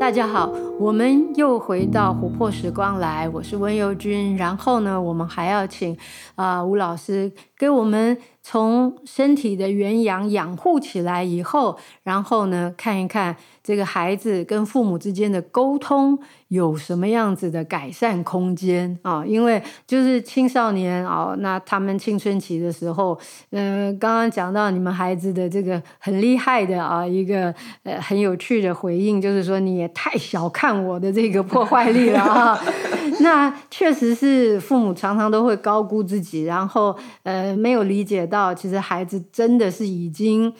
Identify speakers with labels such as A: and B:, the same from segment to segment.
A: 大家好，我們又回到《琥珀時光》來，我是溫佑君。然後呢，我們還要請啊、呃，吳老師給我們。從身體的原養養護起來以後，然後呢，看一看這個孩子跟父母之間的溝通有什麼樣子的改善空間啊、哦？因為就是青少年哦，那他們青春期的時候，嗯、呃，剛剛講到你們孩子的這個很厲害的啊，一個呃很有趣的回應，就是說你也太小看我的這個破壞力了啊、 哦！那確實是父母常常都會高估自己，然後呃沒有理解。到其實孩子真的是已經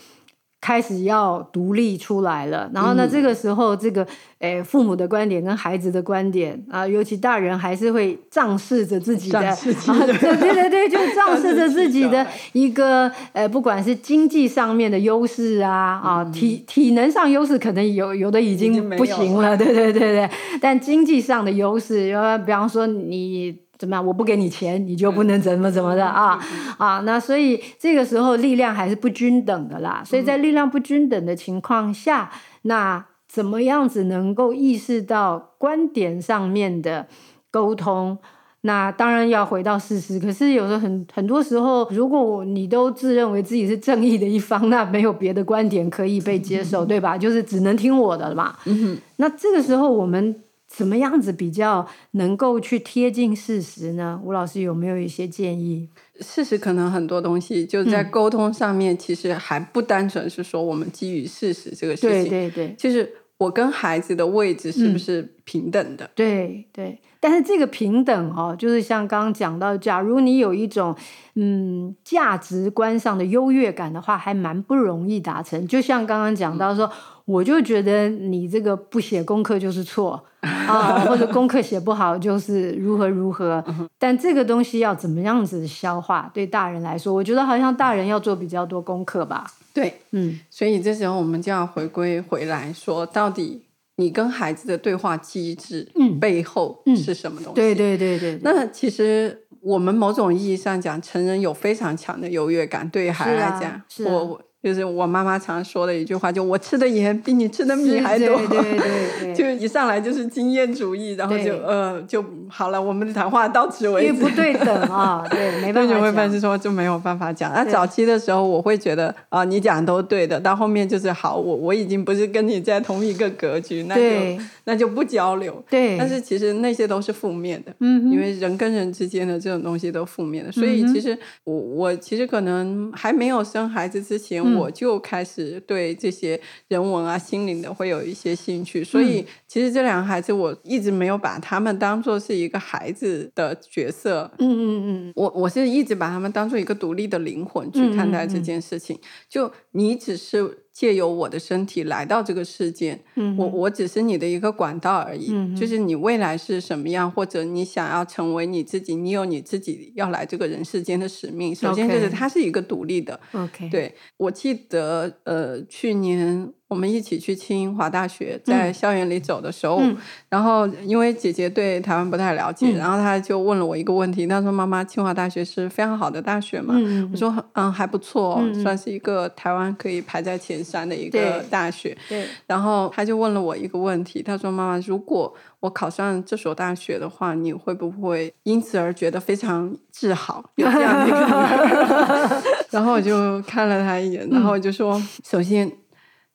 A: 開始要獨立出來了，然後呢，嗯、這個時候這個誒、欸、父母的觀點跟孩子的觀點啊，尤其大人還是會仗勢着自己的、的啊，對、對對對，就仗勢着自己的一個的、呃、不管是經濟上面的優勢啊啊，體體能上優勢可能有有的已經不行了，對對對對，但經濟上的優勢，比、如說比方說你。怎麼樣？我不給你錢，你就不能怎麼怎麼的 啊？ 啊，那所以這個時候力量還是不均等的啦。 所以在力量不均等的情況下，那怎麼樣子能夠意識到觀點上面的溝通？那當然要回到事實。可是有時候很很多時候，如果你都自認為自己是正義的一方，那沒有別的觀點可以被接受， 對吧？就是只能聽我的了嘛。嗯 那這個時候我們。怎麼樣子比較能夠去貼近事實呢？
B: 吳老師有沒有一些建議？事實可能很多東西就在溝通上面，其實還不單純是說我們基於事實這個事情。對對對，就是我跟孩子的位置是不是平等的？嗯。對對。但是這個平等哦，就是像剛
A: 剛講到，假如你有一種嗯價值觀上的優越感的話，還蠻不容易達成。就像剛剛講到說。嗯我就覺得你這個不寫功課就是錯 啊，或者功課寫不好就是如何如何。 但這個東西要怎麼樣子消化？對大人來說，我覺得好像大人要做比較多功課
B: 吧。對，嗯，所以這時候我們就要回歸回來說，到底你跟孩子的對話機制背後是什麼東西？嗯嗯、對，對對對對。那其實我們某種意義上講，成人有非常強的優越感，對於孩子來講，我、啊。是啊就是我媽媽常說的一句話，就我吃的鹽比你吃的米還多，對對對，對， 就一上來就是經驗主義，然後就呃就。好了，我們的談話到此為止。對不對等啊，哦，對，沒辦法講。所以會反思說就沒有辦法講。對那早期的時候，我會覺得啊、呃，你講都對的。到後面就是好，我我已經不是跟你在同一個格局，那就對那就不交流。對。但是其實那些都是負面的，嗯對，因為人跟人之間的這種東西都負面的。嗯、哼所以其實我我其實可能還沒有生孩子之前，嗯、我就開始對這些人文啊、心靈的會有一些興趣。所以其實這兩個孩子，我一直沒有把他們當做是。一個孩子的角色，嗯嗯嗯，我我是一直把他們當做一個獨立的靈魂去看待這件事情。嗯嗯嗯，就你只是借由我的身體來到這個世界，嗯哼，我我只是你的一個管道而已，嗯哼，就是你未來是什麼樣，或者你想要成為你自己，你有你自己要來這個人世間的使命。首先就是他是一個獨立的，OK，對，我記得呃，去年，我們一起去清華大學，在校園裡走的時候，嗯嗯、然後因為姐姐對台灣不太了解，嗯、然後她就問了我一個問題。她說：“媽媽，清華大學是非常好的大學嘛？”嗯、我說：“嗯，還不錯，嗯、算是一個台灣可以排在前三的一個大學。嗯”對。對，然後她就問了我一個問題。她說：“媽媽，如果我考上這所大學的話，你會不會因此而覺得非常自豪？”有這樣的一個女兒。 然後我就看了她一眼，然後我就說：“嗯、首先。”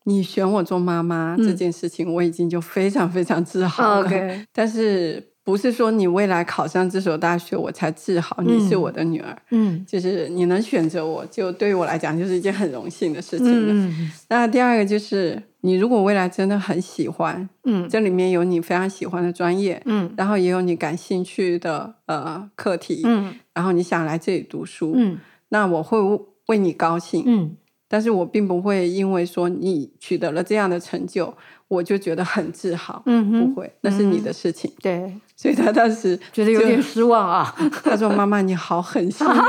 B: 你選我做媽媽、嗯、這件事情，我已經就非常非常自豪了。Okay. 但是不是說你未來考上這所大學我才自豪？你是我的女兒，嗯，就是你能選擇我，就對於我來講就是一件很榮幸的事情。嗯、那第二個就是，你如果未來真的很喜歡，嗯，這裡面有你非常喜歡的專業，嗯，然後也有你感興趣的呃課題，嗯，然後你想來這裡讀書，嗯，那我會為你高興，嗯。但是我並不會因為說你取得了這樣的成就，我就覺得很自豪。嗯哼，不會，那是你的事情。嗯、對，所以他當時覺得有點失望啊。 他說：“媽媽，你好狠心。很”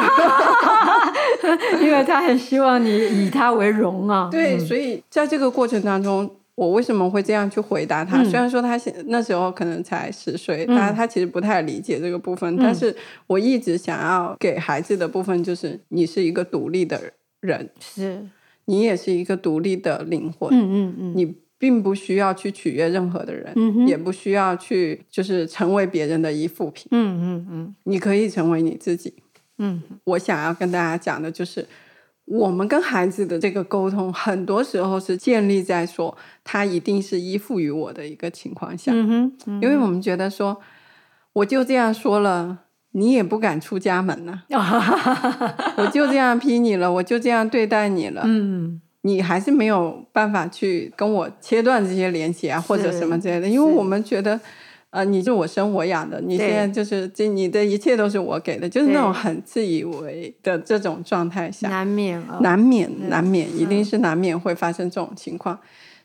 B: 因為他很希望你以他為榮啊。 對，所以在這個過程當中，我為什麼會這樣去回答他？嗯、雖然說他那時候可能才十歲，嗯、但他其實不太理解這個部分。嗯、但是我一直想要給孩子的部分就是，你是一個獨立的人。人是你也是一個獨立的靈魂，嗯嗯嗯、你並不需要去取悅任何的人，嗯哼，也不需要去就是成為別人的依附品，嗯嗯嗯、你可以成為你自己，嗯、我想要跟大家講的就是，我們跟孩子的這個溝通，很多時候是建立在說他一定是依附於我的一個情況下，嗯哼、因為我們覺得說我就這樣說了。你也不敢出家門吶、啊， 我就這樣批你了，我就這樣對待你了。嗯，你還是沒有辦法去跟我切斷這些聯繫啊，是或者什麼之類的，因為我們覺得，是呃，你是我生我養的，你現在就是對這，你的一切都是我給的，就是那種很自以為的這種狀態下，難免，難免，難免是，一定是難免會發生這種情況。嗯、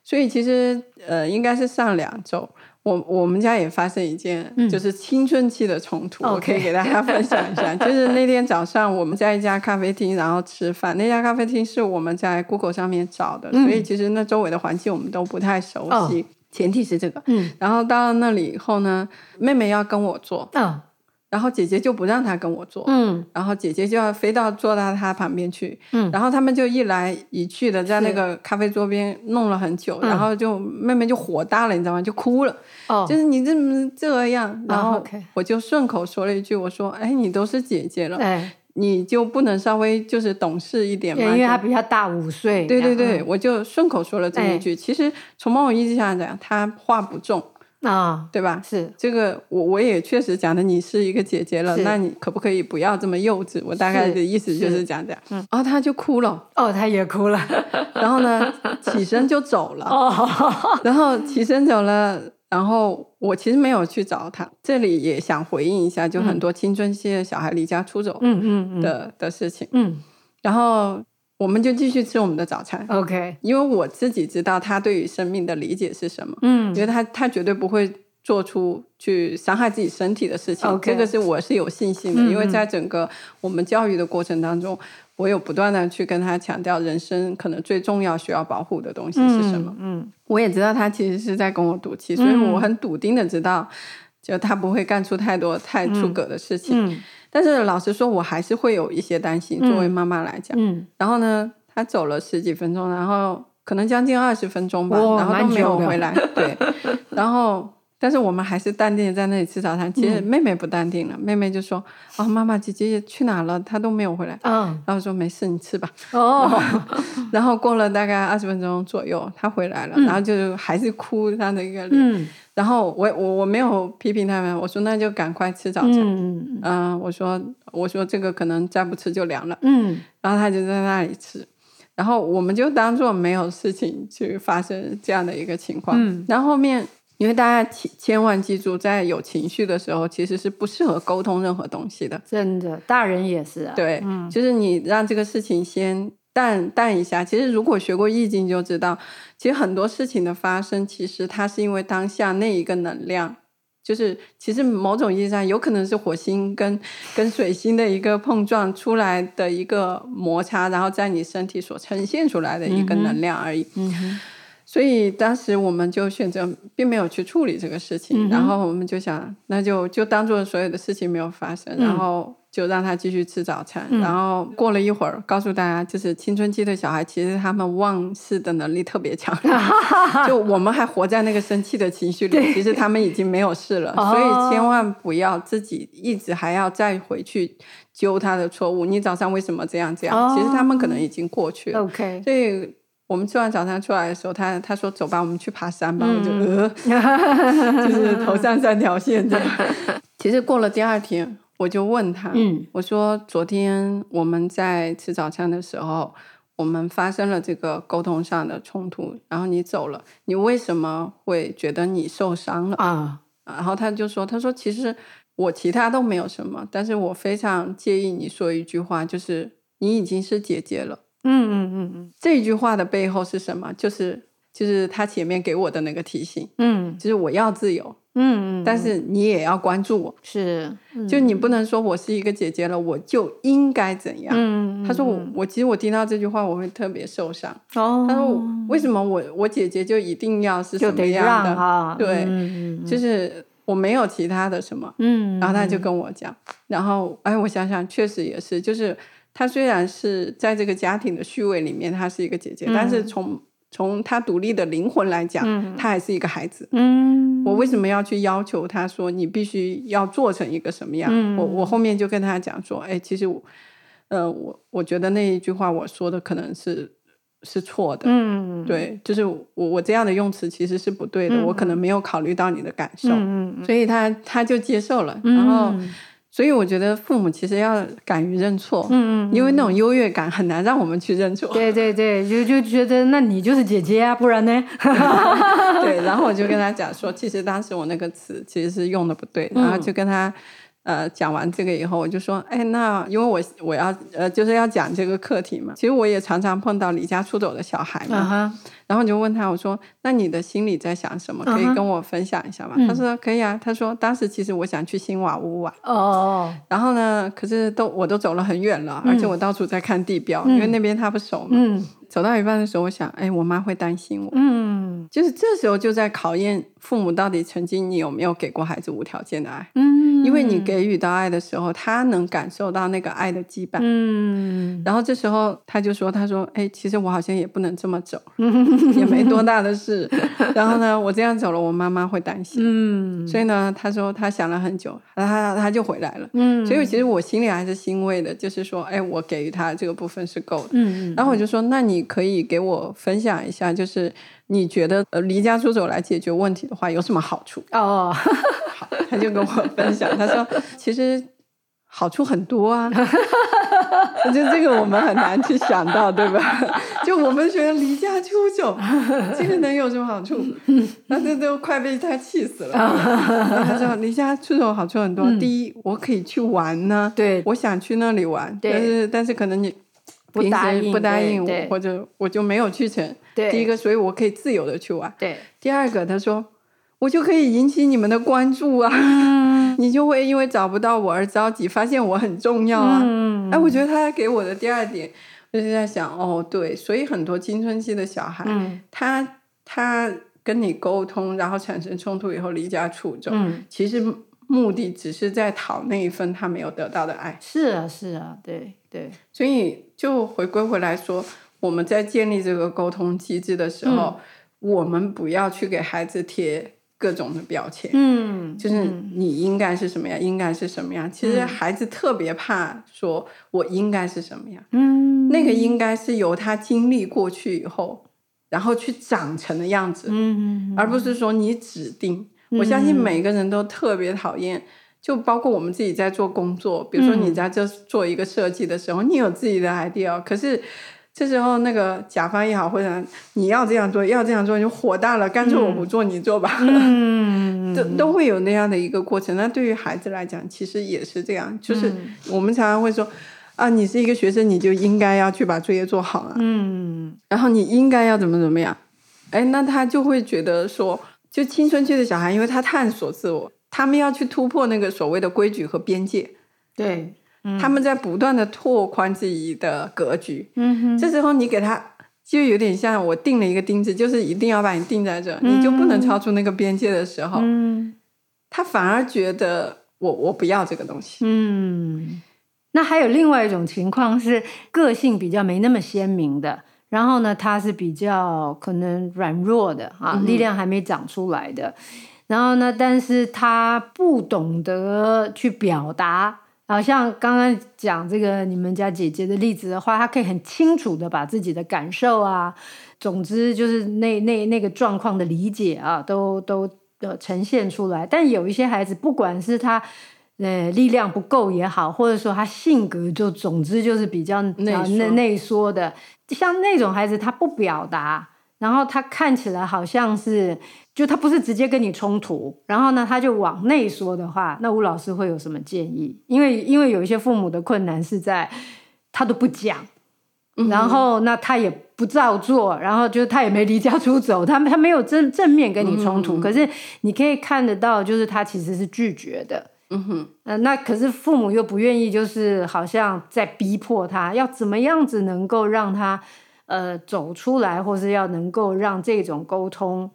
B: 所以其實，呃，應該是上兩周。我我們家也發生一件，就是青春期的衝突，嗯、我可以給大家分享一下。Okay 就是那天早上我們在一家咖啡廳然後吃飯，那家咖啡廳是我們在 Google 上面找的，嗯、所以其實那周圍的環境我們都不太熟悉。哦、前提是這個，嗯、然後到了那裡以後呢，妹妹要跟我坐。哦然後姐姐就不讓她跟我坐，嗯、然後姐姐就要飛到坐到她旁邊去，嗯、然後他們就一來一去的在那個咖啡桌邊弄了很久，嗯、然後就妹妹就火大了，你知道嗎？就哭了，哦、就是你怎麼這樣？然後我就順口說了一句，哦 okay、我說：“哎，你都是姐姐了，哎、你就不能稍微就是懂事一點嗎？因為她比她大五歲，就後對對對，我就順口說了這麼一句。哎、其實從某種意義上講，她話不重。”啊，哦、對吧？是這個，我我也確實講的，你是一個姐姐了，是那你可不可以不要這麼幼稚？我大概的意思就是講講，嗯，然後、哦、他就哭了，哦，他也哭了， 然後呢，起身就走了，哦、然後起身走了，然後我其實沒有去找他，這裡也想回應一下，就很多青春期的小孩離家出走，嗯，嗯嗯嗯的的事情，嗯，然後。我們就繼續吃我們的早餐，OK。因為我自己知道他對於生命的理解是什麼，嗯，因為他他絕對不會做出去傷害自己身體的事情，OK。這個是我是有信心的。嗯，因為在整個我們教育的過程當中，我有不斷的去跟他強調人生可能最重要需要保護的東西是什麼，嗯，嗯，我也知道他其實是在跟我賭氣，所以我很篤定的知道，就他不會幹出太多太出格的事情。嗯嗯但是老實說，我還是會有一些擔心。作為媽媽來講，嗯嗯、然後呢，她走了十幾分鐘，然後可能將近二十分鐘吧，哦、然後都沒有回來。久 對，然後。但是我們還是淡定的在那裡吃早餐。其實妹妹不淡定了，嗯、妹妹就說：“哦，媽媽姐姐去哪了？她都沒有回來。嗯”然後說：“沒事，你吃吧。哦”哦，然後過了大概二十分鐘左右，她回來了，嗯、然後就還是哭，她的一個臉。嗯、然後我我我沒有批評她們，我說：“那就趕快吃早餐。嗯”嗯我說我說這個可能再不吃就涼了。嗯，然後她就在那裡吃，然後我們就當做沒有事情去發生這樣的一個情況。嗯，然後後面。因為大家千萬記住，在有情緒的時候，其實是不適合溝通任何東西的。真的，大人也是啊。對，嗯、就是你讓這個事情先淡淡一下。其實，如果學過易經，就知道，其實很多事情的發生，其實它是因為當下那一個能量，就是其實某種意義上有可能是火星跟跟水星的一個碰撞出來的一個摩擦，然後在你身體所呈現出來的一個能量而已。嗯哼所以當時我們就選擇，並沒有去處理這個事情。嗯、哼然後我們就想，那就就當做所有的事情沒有發生，嗯、然後就讓他繼續吃早餐。嗯、然後過了一會兒，告訴大家，就是青春期的小孩，其實他們忘事的能力特別強。 就我們還活在那個生氣的情緒裡， 其實他們已經沒有事了。對所以千萬不要自己一直還要再回去揪他的錯誤。哦、你早上為什麼這樣這樣？哦、其實他們可能已經過去了。OK，所以。我們吃完早餐出來的時候，他他說走吧，我們去爬山吧，嗯、我就呃， 就是頭上三條線這樣。 其實過了第二天，我就問他，嗯，我說昨天我們在吃早餐的時候，我們發生了這個溝通上的衝突，然後你走了，你為什麼會覺得你受傷了啊？然後他就說，他說其實我其他都沒有什麼，但是我非常介意你說一句話，就是你已經是姐姐了。嗯嗯嗯嗯，這句話的背後是什麼？就是就是他前面給我的那個提醒，嗯，就是我要自由，嗯嗯，但是你也要關注我，是，嗯、就你不能說我是一個姐姐了，我就應該怎樣？嗯，嗯，他說我我其實我聽到這句話我會特別受傷。哦，他說為什麼我我姐姐就一定要是什麼樣的？就得讓啊，對，嗯嗯，就是我沒有其他的什麼，嗯，嗯，然後他就跟我講，然後哎，我想想，確實也是，就是。她雖然是在這個家庭的序位裡面，她是一個姐姐，嗯、但是從從她獨立的靈魂來講，她、嗯、還是一個孩子。嗯、我為什麼要去要求她說你必須要做成一個什麼樣？嗯、我我後面就跟她講說，哎，其實，呃，我我覺得那一句話我說的可能是是錯的。嗯、對，就是我我這樣的用詞其實是不對的，嗯、我可能沒有考慮到你的感受。嗯、所以他他就接受了，嗯、然後。所以我覺得父母其實要敢於認錯，嗯，嗯嗯，因為那種優越感很難讓我們去認錯。對對對，就就覺得那你就是姐姐啊，不然呢？ 對，然後我就跟他講說，對其實當時我那個詞其實是用的不對，嗯、然後就跟他呃講完這個以後，我就說，哎，那因為我我要呃就是要講這個課題嘛，其實我也常常碰到離家出走的小孩嘛。啊哈然後我就問他，我說：“那你的心裡在想什麼？可以跟我分享一下嗎？” Uh-huh. 他說：“可以啊。”他說：“當時其實我想去新瓦屋玩啊。” Oh. 然後呢？可是都我都走了很遠了，嗯。而且我到處在看地標，因為那邊他不熟嘛。嗯。走到一半的時候，我想：“哎，我媽會擔心我。嗯”就是這時候就在考驗父母到底曾經你有沒有給過孩子無條件的愛，嗯，因為你給予到愛的時候，他能感受到那個愛的羈絆，嗯，然後這時候他就說，他說，哎，其實我好像也不能這麼走，也沒多大的事，然後呢，我這樣走了，我媽媽會擔心，嗯，所以呢，他說他想了很久，然後他他就回來了，嗯，所以其實我心裡還是欣慰的，就是說，哎，我給予他這個部分是夠的，嗯，然後我就說，那你可以給我分享一下，就是。你覺得呃，離家出走來解決問題的話，有什麼好處？哦、oh.，好、他就跟我分享，他說其實好處很多啊。哈。就這個我們很難去想到，對吧？就我們覺得離家出走，其實能有什麼好處？那這都快被他氣死了。Oh. 他說離家出走好處很多， 嗯、第一，我可以去玩呢。對，我想去那裡玩，對但是但是可能你。不答應，不答應我，或者我就沒有去成。對第一個，所以我可以自由的去玩。對第二個，他說我就可以引起你們的關注啊，嗯、 你就會因為找不到我而着急，發現我很重要啊。哎、嗯啊，我覺得他給我的第二點，就是在想哦，對，所以很多青春期的小孩，嗯、他他跟你溝通，然後產生衝突以後離家出走，嗯、其實目的只是在討那一份他沒有得到的愛。是啊，是啊，對。對，所以就回歸回來說，我們在建立這個溝通機制的時候，嗯、我們不要去給孩子貼各種的標籤，嗯，就是你應該是什麼樣，嗯、應該是什麼樣。其實孩子特別怕說“我應該是什麼樣”，嗯，那個應該是由他經歷過去以後，然後去長成的樣子，嗯，嗯嗯而不是說你指定。嗯、我相信每個人都特別討厭。就包括我們自己在做工作，比如說你在這做一個設計的時候，嗯、你有自己的 idea，可是這時候那個甲方也好或者，你要這樣做，要這樣做就火大了，乾脆我不做，嗯、你做吧， 都都會有那樣的一個過程。那對於孩子來講，其實也是這樣，就是我們常常會說啊，你是一個學生，你就應該要去把作業做好了，啊，嗯，然後你應該要怎麼怎麼樣，哎，那他就會覺得說，就青春期的小孩，因為他探索自我。他們要去突破那個所謂的規矩和邊界，對，嗯、他們在不斷的拓寬自己的格局。嗯哼，這時候你給他就有點像我釘了一個釘子，就是一定要把你釘在這，嗯、你就不能超出那個邊界的時候，嗯、他反而覺得我我不要這個東西。
A: 嗯，那還有另外一種情況是個性比較沒那麼鮮明的，然後呢，他是比較可能軟弱的啊，力量還沒長出來的。嗯然後呢，但是他不懂得去表達。然後、啊、像剛剛講這個你們家姐姐的例子的話，他可以很清楚的把自己的感受啊，總之就是那那那個狀況的理解啊，都都呃呈現出來。但有一些孩子，不管是他呃力量不夠也好，或者說他性格就總之就是比較，比較內內縮內縮的，像那種孩子，他不表達，然後他看起來好像是。就他不是直接跟你衝突，然後呢，他就往內說的話，那吳老師會有什麼建議？因為因為有一些父母的困難是在他都不講，嗯、哼然後那他也不照做，然後就是他也沒離家出走，他他沒有正正面跟你衝突，嗯、哼可是你可以看得到，就是他其實是拒絕的。嗯哼、呃，那可是父母又不願意，就是好像在逼迫他要怎麼樣子，能夠讓他呃走出來，或是要能夠讓這種溝通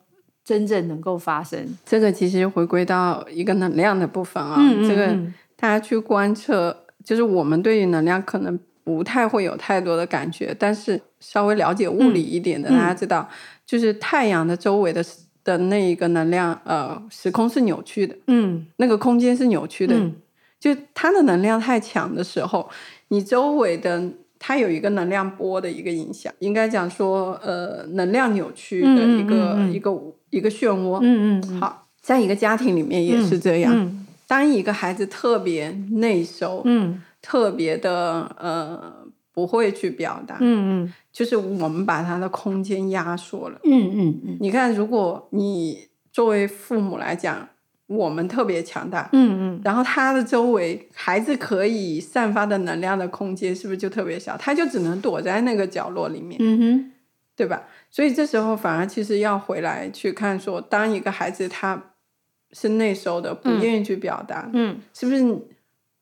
A: 真正能夠發生，這個
B: 其實回歸到一個能量的部分啊。嗯嗯嗯，這個大家去觀測，就是我們對於能量可能不太會有太多的感覺，但是稍微了解物理一點的，嗯嗯，大家知道，就是太陽的周圍的的那一個能量，呃，時空是扭曲的，嗯，那個空間是扭曲的，嗯、就它的能量太強的時候，你周圍的它有一個能量波的一個影響，應該講說，呃，能量扭曲的一個嗯嗯嗯一個。一個漩渦，嗯，嗯嗯，好，在一個家庭裡面也是這樣。嗯嗯當一個孩子特別內收，嗯，特別的呃，不會去表達，嗯嗯，就是我們把他的空間壓縮了，嗯嗯嗯。你看，如果你作為父母來講，我們特別強大，嗯嗯，然後他的周圍孩子可以散發的能量的空間是不是就特別小？他就只能躲在那個角落裡面，嗯哼、嗯，對吧？所以這時候反而其實要回來去看，說當一個孩子他是內收的，嗯、不願意去表達，嗯，是不是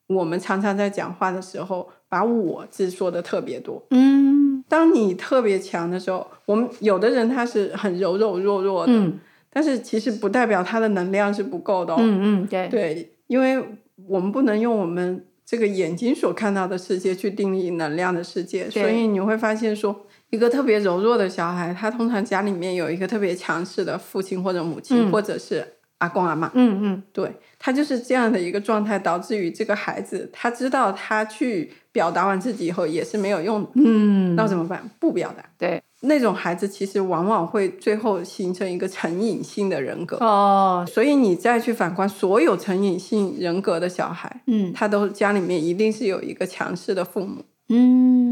B: 我們常常在講話的時候把我字說的特別多，嗯，當你特別強的時候，我們有的人他是很柔柔弱弱的，嗯，但是其實不代表他的能量是不夠的、哦嗯，嗯對，對，因為我們不能用我們這個眼睛所看到的世界去定義能量的世界，對所以你會發現說。一個特別柔弱的小孩，他通常家裡面有一個特別強勢的父親或者母親，嗯、或者是阿公阿媽、嗯。嗯嗯，對，他就是這樣的一個狀態，導致於這個孩子他知道他去表達完自己以後也是沒有用的。嗯，那怎麼辦？不表達。對，那種孩子其實往往會最後形成一個成癮性的人格。哦，所以你再去反觀所有成癮性人格的小孩，嗯，他都家裡面一定是有一個強勢的父母。嗯。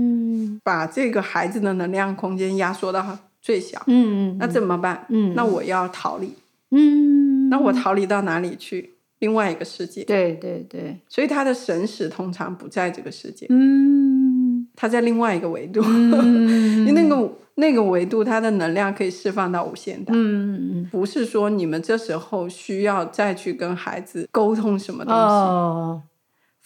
B: 把這個孩子的能量空間壓縮到最小。嗯嗯嗯，那怎麼辦？嗯、那我要逃離。
A: 嗯
B: 嗯，那我逃離到哪裡去？另外一個世界。對對對，所以他的神識通常不在這個世界。嗯、他在另外一個維度。 嗯嗯，因為那個那個維度，他的能量可以釋放到無限大。嗯嗯，不是說你們這時候需要再去跟孩子溝通什麼東西。哦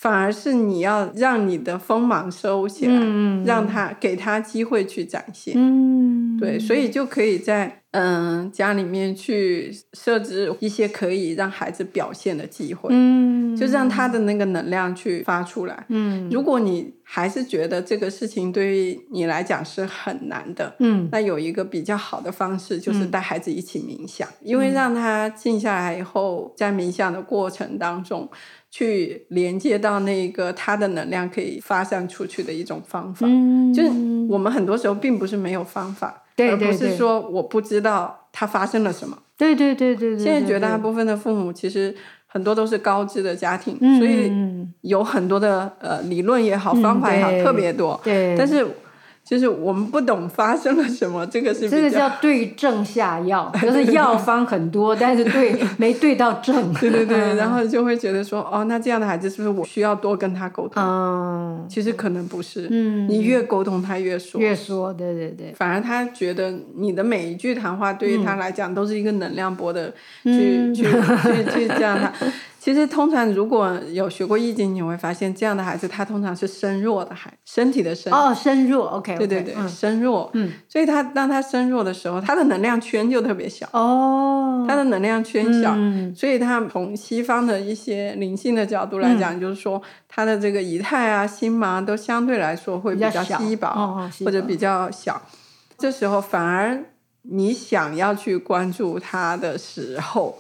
B: 反而是你要讓你的鋒芒收起來，嗯、讓他給他機會去展現，嗯、對，所以就可以在嗯家裡面去設置一些可以讓孩子表現的機會，嗯、就讓他的那個能量去發出來，嗯、如果你還是覺得這個事情對於你來講是很難的，嗯、那有一個比較好的方式就是帶孩子一起冥想，嗯、因為讓他靜下來以後，在冥想的過程當中。去連接到那個他的能量可以發散出去的一種方法，嗯、就是我們很多時候並不是沒有方法，
A: 對,對,對，而不是說
B: 我不知道他發生了什麼，
A: 對,對對對對對。現在絕大部
B: 分的父母其實很多都是高知的家庭，嗯、所
A: 以
B: 有很多的呃理論也好，方法也好，嗯、特別多，對，對但是。就是我們不懂發生了什麼，這個是這個叫對症下藥，就是藥方很多， 但是對 沒對到症。對對對，嗯、然後就會覺得說，哦，那這樣的孩子是不是我需要多跟他溝通？哦、其實可能不是。嗯，你越溝通他越說，越說對對對。反而他覺得你的每一句談話對於他來講都是一個能量波的，去去去去，去去這樣他。嗯 其實，通常如果有學過易經，你會發現這樣的孩子，他通常是身弱的孩，身體的身。哦，oh, 身弱，OK，, okay、um, 對對對，身弱。嗯。所以他當他身弱的時候，他的能量圈就特別小。哦。他的能量圈小，嗯、所以他從西方的一些靈性的角度來講，嗯、就是說他的這個儀態啊、心嘛都相對來說會比較稀薄，哦、或者比較小。這時候，反而你想要去關注他的時候。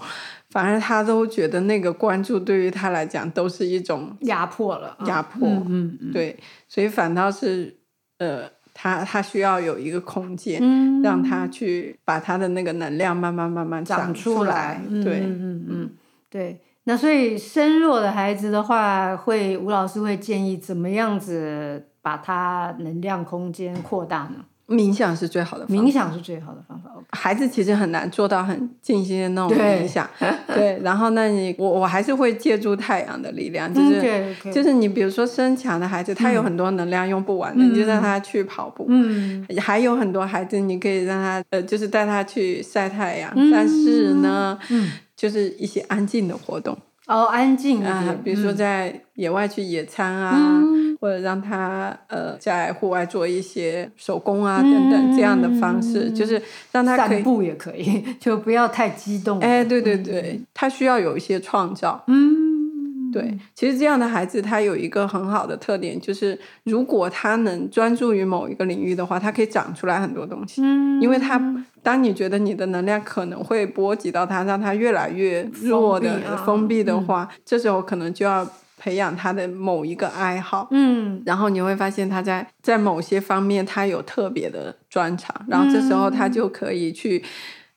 B: 反而他都覺得那個關注對於他來講都是一種壓迫了，啊、壓迫，嗯嗯，對，所以反倒是呃，他他需要有一個空間，嗯、讓他去把他的那個能量慢慢慢慢長出來，長出來嗯、對，嗯
A: 嗯,嗯對。那所以身弱的孩子的話，會吳老師會建議怎麼樣子把他能量空間擴大呢？冥想是最好的，
B: 冥想是最好的方法。孩子其實很難做到很靜心的那種冥想，對， 對。然後那你我我還是會借助太陽的力量，就是、嗯、就是你比如說身強的孩子，他有很多能量用不完的，嗯、你就讓他去跑步。嗯，還有很多孩子，你可以讓他呃，就是帶他去曬太陽。嗯、但是呢，嗯、就是一些安靜的活動。哦，安靜啊，比如說在野外去野餐啊，嗯、或者讓他呃在戶外做一些手工啊等等這樣的方式，嗯、就是讓他可以散步也可以，就不要太激動。哎、欸，對對對，嗯、他需要有一些創造。嗯。對，其實這樣的孩子，他有一個很好的特點，就是如果他能專注於某一個領域的話，他可以長出來很多東西。嗯，因為他，當你覺得你的能量可能會波及到他，讓他越來越弱的封閉啊、封閉的話，嗯，這時候可能就要培養他的某一個愛好。嗯，然後你會發現他在在某些方面他有特別的專長，然後這時候他就可以去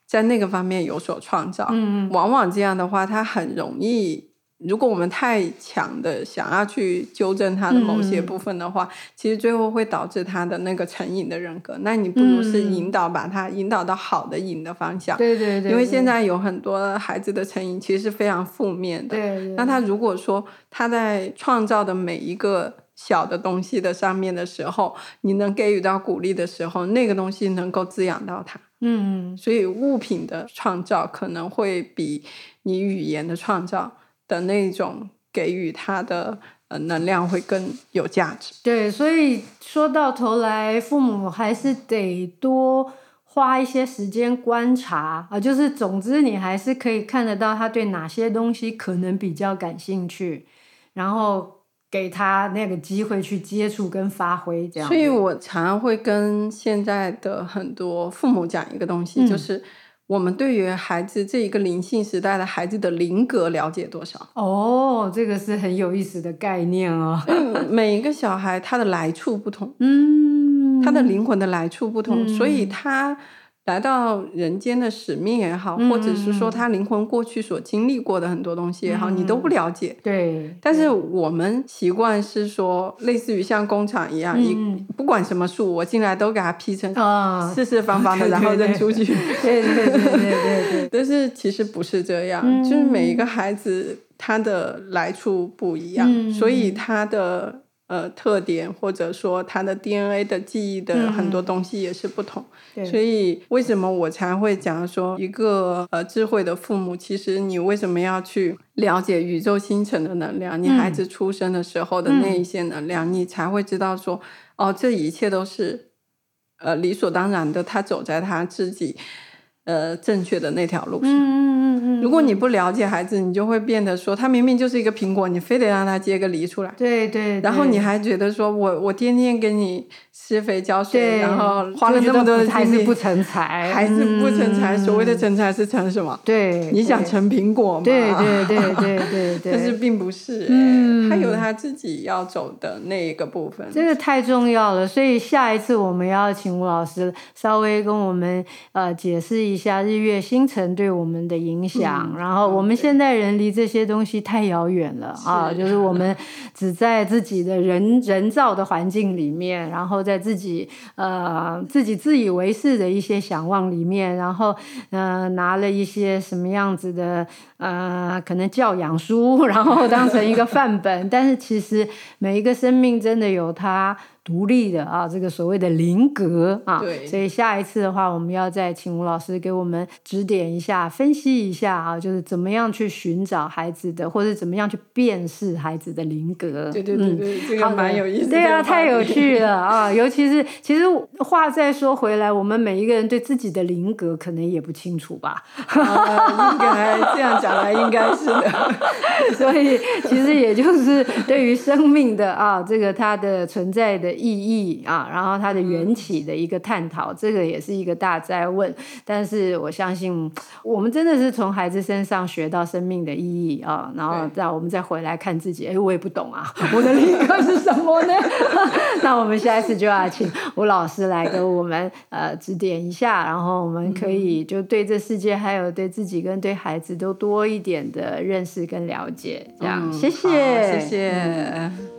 B: 在那個方面有所創造。嗯嗯，往往這樣的話，他很容易。如果我們太強的想要去糾正他的某些部分的話，嗯、其實最後會導致他的那個成癮的人格。那你不如是引導，把他引導到好的癮的方向。對對對。因為現在有很多孩子的成癮其實是非常負面的。對、嗯、那他如果說他在創造的每一個小的東西的上面的時候，你能給予到鼓勵的時候，那個東西能夠滋養到他。嗯。所以物品的創造可能會比你語言的創造。的那種給予他的能量會更有價值。
A: 對，所以說到頭來，父母還是得多花一些時間觀察啊，就是總之你還是可以看得到他對哪些東西可能比較感興趣，然後給他那個機會去接觸跟發揮。這樣，所以
B: 我常常會跟現在的很多父母講一個東西，就是、嗯。我們對於孩子這一個靈性時代的孩子的靈格了解多少？哦，這個是很有意思的概念啊、哦 嗯，每一個小孩他的來處不同，嗯，他的靈魂的來處不同，嗯，所以他。來到人間的使命也好，或者是說他靈魂過去所經歷過的很多東西也好，嗯、你都不了解。嗯、對，但是我們習慣是說，類似於像工廠一樣，你、嗯、不管什麼樹，我進來都給他劈成啊，四四方方的，然後扔出去。對對對。對對對對對。 但是其實不是這樣，嗯、就是每一個孩子他的來處不一樣，嗯、所以他的。呃，特點或者說他的 DNA 的記憶的很多東西也是不同，嗯、對，所以為什麼我才會講說一個呃智慧的父母，其實你為什麼要去了解宇宙星辰的能量，你孩子出生的時候的那一些能量，嗯、你才會知道說，哦，這一切都是呃理所當然的，他走在他自己呃正確的那條路上。
A: 嗯嗯嗯。如果
B: 你不了解孩子，你就會變得說他明明就是一個蘋果，你非得讓他結個梨出來。對，對對。然後你還覺得說我我天天給你施肥澆水，對然後花了這麼多的精力，還是不成才，還是不成才。嗯、所謂的成才是成什麼？對，你想成蘋果嗎？對對對對對對。 但是並不是，他、嗯、有他自己要走的那一個部分，真
A: 的太重要了。所以下一次我們要請吳老師稍微跟我們呃解釋一下日月星辰對我們的影響。嗯、然後我們現代人離這些東西太遙遠了對啊！就是我們只在自己的人是人造的環境裡面，然後在自己呃自己自以為是的一些想望裡面，然後呃拿了一些什麼樣子的呃可能教養書，然後當成一個範本， 但是其實每一個生命真的有它。獨立的啊，這個所謂的靈格啊，對，所以下一次的話，我們要再請吳老師給我們指點一下，分析一下啊，就是怎麼樣去尋找孩子的，或者怎麼樣去辨識孩子的靈格。對對對，嗯、這個還蠻有意思的。的對啊，太有趣了啊！ 尤其是，其實話再說回來，我們每一個人對自己的靈格可能也不清楚吧？ 呃、應該這樣講來，應
B: 該是的。
A: 所以其實也就是對於生命的啊，這個它的存在的意義啊，然後它的緣起的一個探討，這個也是一個大哉問。但是我相信，我們真的是從孩子身上學到生命的意義啊，然後再我們再回來看自己，哎、欸，我也不懂啊，我的靈魂是什麼呢？ 那我們下一次就要請吳老師來給我們呃指點一下，然後我們可以就對這世界，還有對自己跟對孩子都多一點的認識跟了。了解，這樣、嗯、謝謝、哦，謝謝。嗯。